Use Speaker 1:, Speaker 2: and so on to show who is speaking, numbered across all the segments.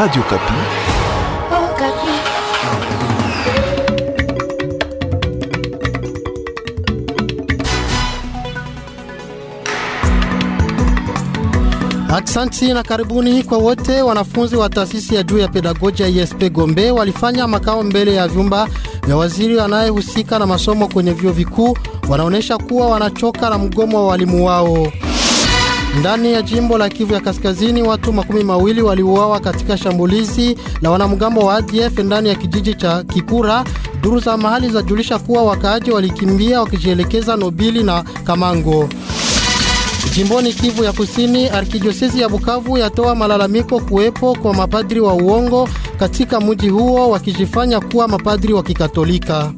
Speaker 1: Radio Kapi. Oh, Kapi.
Speaker 2: Aksanti na karibuni kwa wote wanafunzi wa taasisi ya juu ya ya ISP Gombe walifanya makao mbele ya vyumba vya waziri anayehusika na masomo kwenye vyuo vikuu, wanaonyesha kuwa wanachoka na mgomo wa walimu wao. Ndani ya jimbo la Kivu ya Kaskazini, watu makumi mawili waliuawa katika shambulizi la wanamgambo wa ADF ndani ya kijiji cha Kikura. Duru za mahali zajulisha kuwa wakaaji walikimbia wakijielekeza Nobili na Kamango. Jimboni Kivu ya Kusini, arkidiosesi ya Bukavu yatoa malalamiko kuwepo kwa mapadri wa uongo katika mji huo wakijifanya kuwa mapadri wa Kikatolika.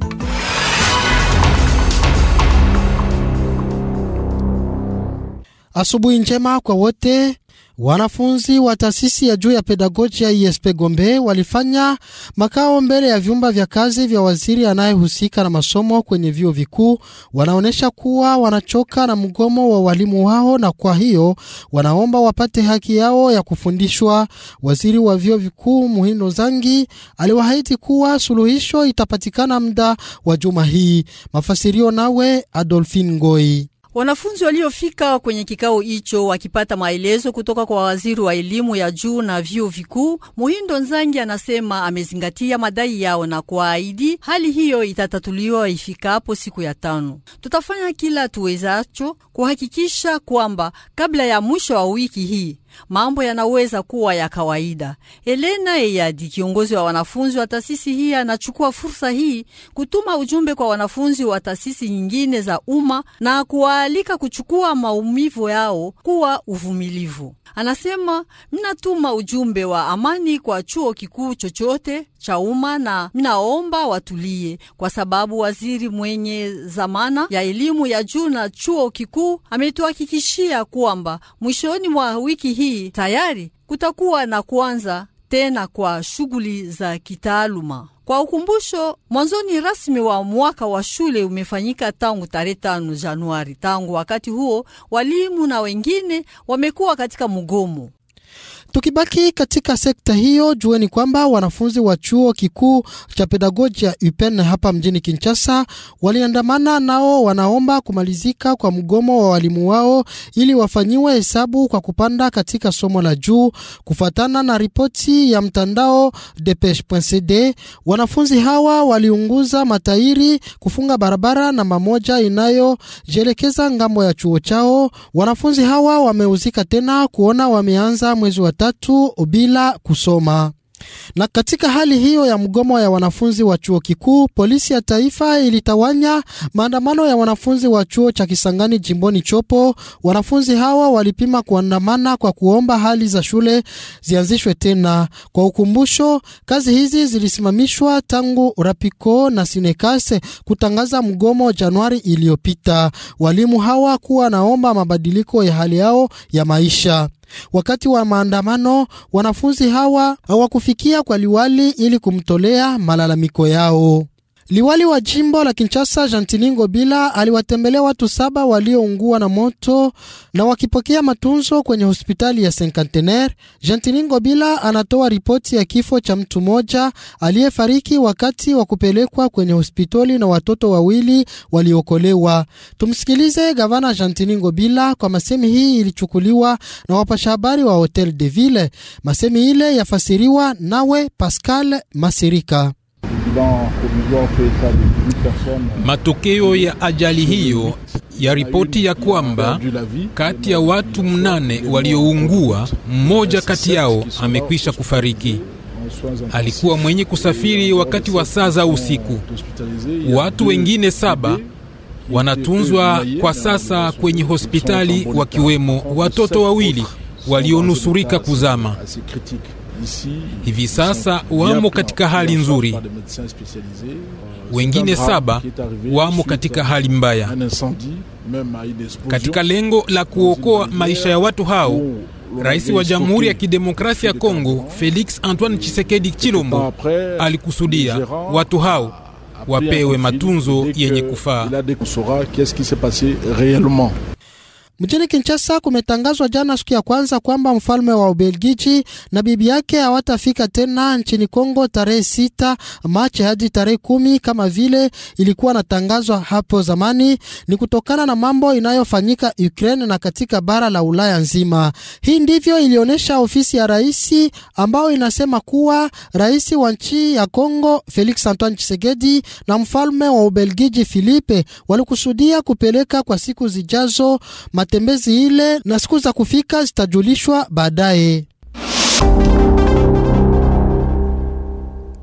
Speaker 2: Asubuhi njema kwa wote. Wanafunzi wa taasisi ya juu ya pedagoji ya ISP Gombe walifanya makao mbele ya vyumba vya kazi vya waziri anayehusika na masomo kwenye vyuo vikuu. Wanaonyesha kuwa wanachoka na mgomo wa walimu wao na kwa hiyo wanaomba wapate haki yao ya kufundishwa. Waziri wa vyuo vikuu Muhindo Zangi aliwaahidi kuwa suluhisho itapatikana muda wa juma hii. Mafasirio nawe Adolfin Ngoi.
Speaker 3: Wanafunzi waliofika kwenye kikao hicho wakipata maelezo kutoka kwa waziri wa elimu ya juu na vyuo vikuu Muhindo Nzangi anasema amezingatia madai yao na kuahidi hali hiyo itatatuliwa ifikapo siku ya tano. Tutafanya kila tuwezacho kuhakikisha kwamba kabla ya mwisho wa wiki hii mambo yanaweza kuwa ya kawaida. Elena Eyadi, kiongozi wa wanafunzi wa taasisi hii, anachukua fursa hii kutuma ujumbe kwa wanafunzi wa taasisi nyingine za umma na kuwa anawaalika kuchukua maumivu yao kuwa uvumilivu. Anasema, mnatuma ujumbe wa amani kwa chuo kikuu chochote cha umma na mnaomba watulie, kwa sababu waziri mwenye zamana ya elimu ya juu na chuo kikuu ametuhakikishia kwamba mwishoni mwa wiki hii tayari kutakuwa na kuanza tena kwa shughuli za kitaaluma. Kwa ukumbusho, mwanzoni rasmi wa mwaka wa shule umefanyika tangu tarehe tano Januari. Tangu wakati huo, walimu na wengine wamekuwa katika mgomo. Tukibaki
Speaker 2: katika sekta hiyo, jueni kwamba wanafunzi wa chuo kikuu cha pedagojia UPEN hapa mjini Kinshasa waliandamana, nao wanaomba kumalizika kwa mgomo wa walimu wao ili wafanyiwe hesabu kwa kupanda katika somo la juu. Kufuatana na ripoti ya mtandao Depeche.cd, wanafunzi hawa waliunguza matairi, kufunga barabara namba moja inayojielekeza ngambo ya chuo chao. Wanafunzi hawa wameuzika tena kuona wameanza mwezi wa tatu bila kusoma. Na katika hali hiyo ya mgomo ya wanafunzi wa chuo kikuu, polisi ya taifa ilitawanya maandamano ya wanafunzi wa chuo cha Kisangani jimboni Chopo. Wanafunzi hawa walipima kuandamana kwa kuomba hali za shule zianzishwe tena. Kwa ukumbusho, kazi hizi zilisimamishwa tangu Rapiko na Sinekase kutangaza mgomo Januari iliyopita. Walimu hawa kuwa naomba mabadiliko ya hali yao ya maisha. Wakati wa maandamano, wanafunzi hawa hawakufikia kwa liwali ili kumtolea malalamiko yao. Liwali wa jimbo la Kinshasa Jantilingo bila aliwatembelea watu saba walioungua na moto na wakipokea matunzo kwenye hospitali ya Cantenaire. Jantilingo bila anatoa ripoti ya kifo cha mtu mmoja aliyefariki wakati wa kupelekwa kwenye hospitali na watoto wawili waliokolewa. Tumsikilize gavana Jantilingo bila kwa masemi hii ilichukuliwa na wapasha habari wa Hotel de Ville. Masemi ile yafasiriwa nawe Pascal Masirika.
Speaker 1: Matokeo ya ajali hiyo ya ripoti ya kwamba kati ya watu mnane walioungua, mmoja kati yao amekwisha kufariki. Alikuwa mwenye kusafiri wakati wa saa za usiku. Watu wengine saba wanatunzwa kwa sasa kwenye hospitali, wakiwemo watoto wawili walionusurika kuzama. Hivi sasa wamo katika hali nzuri, wengine saba wamo katika hali mbaya, katika lengo la kuokoa maisha ya watu hao. Rais wa Jamhuri ya Kidemokrasia ya Kongo Felix Antoine Tshisekedi Chilombo alikusudia watu hao wapewe matunzo yenye kufaa.
Speaker 2: Mjini Kinshasa kumetangazwa jana siku ya kwanza kwamba mfalme wa Ubelgiji na bibi yake hawatafika tena nchini Kongo tarehe sita Machi hadi tarehe kumi kama vile ilikuwa natangazwa hapo zamani. Ni kutokana na mambo inayofanyika Ukraine na katika bara la Ulaya nzima. Hii ndivyo ilionyesha ofisi ya rais ambayo inasema kuwa rais wa nchi ya Kongo Felix Antoine Tshisekedi na mfalme wa Ubelgiji Philippe walikusudia kupeleka kwa siku zijazo matembezi ile na siku za kufika zitajulishwa baadaye.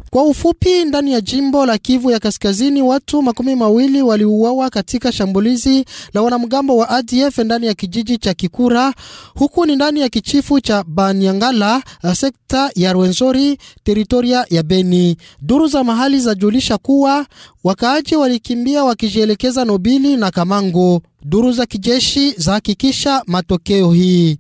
Speaker 2: Kwa ufupi, ndani ya jimbo la Kivu ya Kaskazini watu makumi mawili waliuawa katika shambulizi la wanamgambo wa ADF ndani ya kijiji cha Kikura, huku ni ndani ya kichifu cha Banyangala, eh, sekta ya Rwenzori, teritoria ya Beni. Duru za mahali zajulisha kuwa wakaaji walikimbia wakijielekeza Nobili na Kamango. Duru za kijeshi zahakikisha matokeo hii.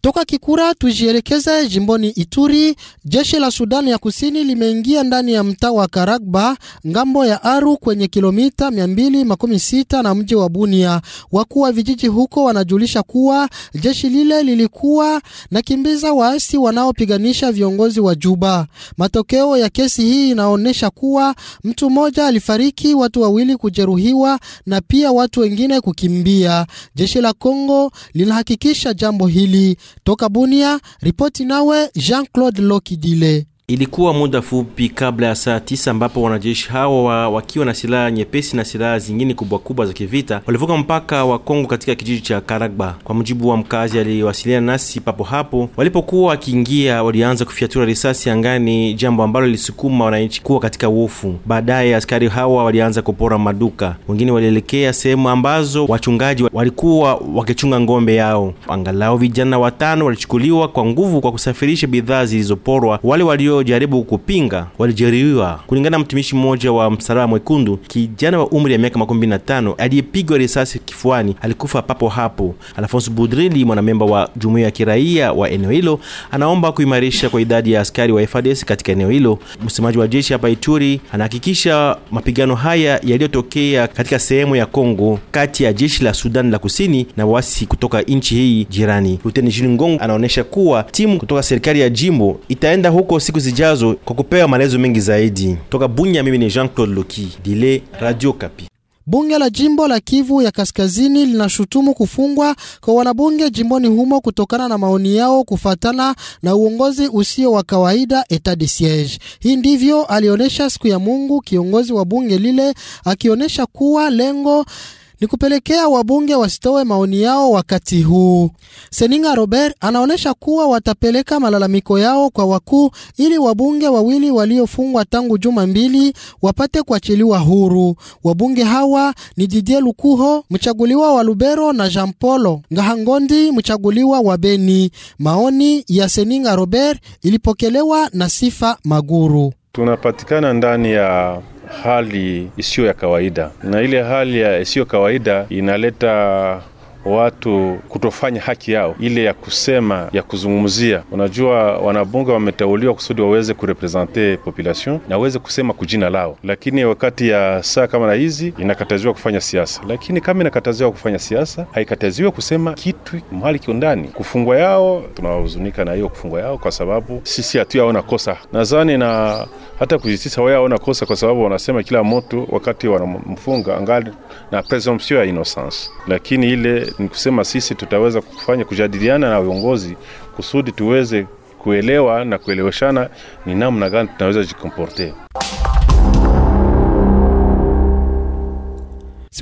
Speaker 2: Toka Kikura tujielekeze jimboni Ituri. Jeshi la Sudani ya Kusini limeingia ndani ya mtaa wa Karagba ngambo ya Aru kwenye kilomita 216 na mji wa Bunia. Wakuu wa vijiji huko wanajulisha kuwa jeshi lile lilikuwa na kimbiza waasi wanaopiganisha viongozi wa Juba. Matokeo ya kesi hii inaonyesha kuwa mtu mmoja alifariki, watu wawili kujeruhiwa na pia watu wengine kukimbia. Jeshi la Kongo linahakikisha jambo hili. Toka Bunia, ripoti nawe Jean-Claude Lokidile.
Speaker 1: Ilikuwa muda fupi kabla ya saa tisa ambapo wanajeshi hawa wakiwa na silaha nyepesi na silaha zingine kubwa kubwa za kivita walivuka mpaka wa Kongo katika kijiji cha Karagba. Kwa mujibu wa mkazi aliyewasiliana nasi papo hapo, walipokuwa wakiingia, walianza kufyatura risasi angani, jambo ambalo lilisukuma wananchi kuwa katika hofu. Baadaye askari hawa walianza kupora maduka, wengine walielekea sehemu ambazo wachungaji walikuwa wakichunga ng'ombe yao. Angalau vijana watano walichukuliwa kwa nguvu kwa kusafirisha bidhaa zilizoporwa. Wale walio waliojaribu kupinga walijeruhiwa. Kulingana na mtumishi mmoja wa Msalaba Mwekundu, kijana wa umri ya miaka makumi mbili na tano aliyepigwa risasi kifuani alikufa papo hapo. Alfonso Budrili, mwanamemba wa jumuiya ya kiraia wa eneo hilo, anaomba kuimarisha kwa idadi ya askari wa fds katika eneo hilo. Msemaji wa jeshi hapa Ituri anahakikisha mapigano haya yaliyotokea katika sehemu ya Kongo kati ya jeshi la Sudan la Kusini na wasi kutoka nchi hii jirani. Luteni Jili Ngongo anaonyesha kuwa timu kutoka serikali ya jimbo itaenda huko siku zijazo kwa kupewa maelezo mengi zaidi. Toka Bunya, mimi ni Jean Claude Loki Dile, Radio Kapi.
Speaker 2: Bunge la jimbo la Kivu ya Kaskazini linashutumu kufungwa kwa wanabunge jimboni humo kutokana na maoni yao kufatana na uongozi usio wa kawaida etat de siege. Hii ndivyo alionyesha siku ya Mungu kiongozi wa bunge lile, akionyesha kuwa lengo ni kupelekea wabunge wasitoe maoni yao wakati huu. Seninga Robert anaonyesha kuwa watapeleka malalamiko yao kwa wakuu ili wabunge wawili waliofungwa tangu juma mbili wapate kuachiliwa huru. Wabunge hawa ni Didier Lukuho mchaguliwa wa Lubero na Jean Paul Ngahangondi mchaguliwa wa Beni. Maoni ya Seninga Robert ilipokelewa na Sifa Maguru.
Speaker 1: Tunapatikana ndani ya hali isiyo ya kawaida, na ile hali isiyo kawaida inaleta watu kutofanya haki yao ile ya kusema, ya kuzungumzia. Unajua, wanabunge wameteuliwa kusudi waweze kurepresente population na waweze kusema kujina lao, lakini wakati ya saa kama na hizi inakataziwa kufanya siasa. Lakini kama inakataziwa kufanya siasa, haikataziwe kusema kitu mahali kiundani. Kufungwa yao, tunawahuzunika na hiyo kufungwa yao, kwa sababu sisi hatuyaona kosa nadhani, na hata kujitisa wayaona kosa, kwa sababu wanasema kila mtu wakati wanamfunga angali na presumption ya innocence, lakini ile ni kusema sisi tutaweza kufanya kujadiliana na viongozi kusudi tuweze kuelewa na kueleweshana ni namna gani tunaweza jikomporte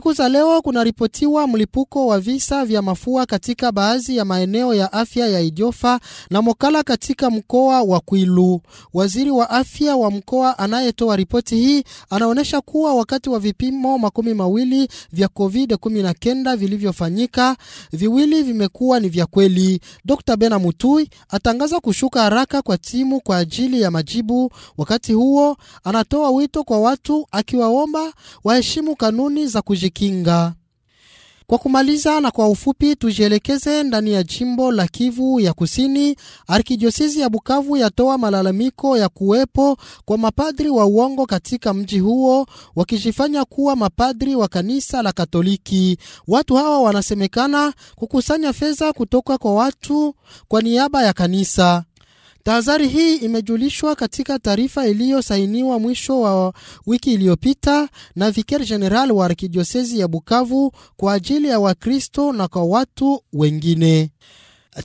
Speaker 2: Siku za leo kunaripotiwa mlipuko wa visa vya mafua katika baadhi ya maeneo ya afya ya Ijofa na Mokala katika mkoa wa Kwilu. Waziri wa afya wa mkoa anayetoa ripoti hii anaonyesha kuwa wakati wa vipimo makumi mawili vya COVID-19 vilivyofanyika, viwili vimekuwa ni vya kweli. Dr. Bena Mutui atangaza kushuka haraka kwa timu kwa ajili ya majibu. Wakati huo anatoa wito kwa watu akiwaomba waheshimu kanuni za kujikinga kujikinga. Kwa kumaliza na kwa ufupi, tujielekeze ndani ya jimbo la Kivu ya Kusini. Arkidiosisi ya Bukavu yatoa malalamiko ya kuwepo kwa mapadri wa uongo katika mji huo, wakijifanya kuwa mapadri wa kanisa la Katoliki. Watu hawa wanasemekana kukusanya fedha kutoka kwa watu kwa niaba ya kanisa. Tahadhari hii imejulishwa katika taarifa iliyosainiwa mwisho wa wiki iliyopita na Vicar general wa arkidiosezi ya Bukavu kwa ajili ya Wakristo na kwa watu wengine.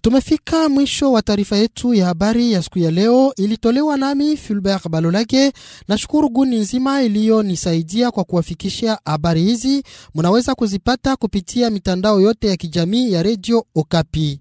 Speaker 2: Tumefika mwisho wa taarifa yetu ya habari ya siku ya leo, ilitolewa nami Fulbert Balolage. Nashukuru guni nzima iliyonisaidia kwa kuwafikishia habari hizi. Mnaweza kuzipata kupitia mitandao yote ya kijamii ya redio Okapi.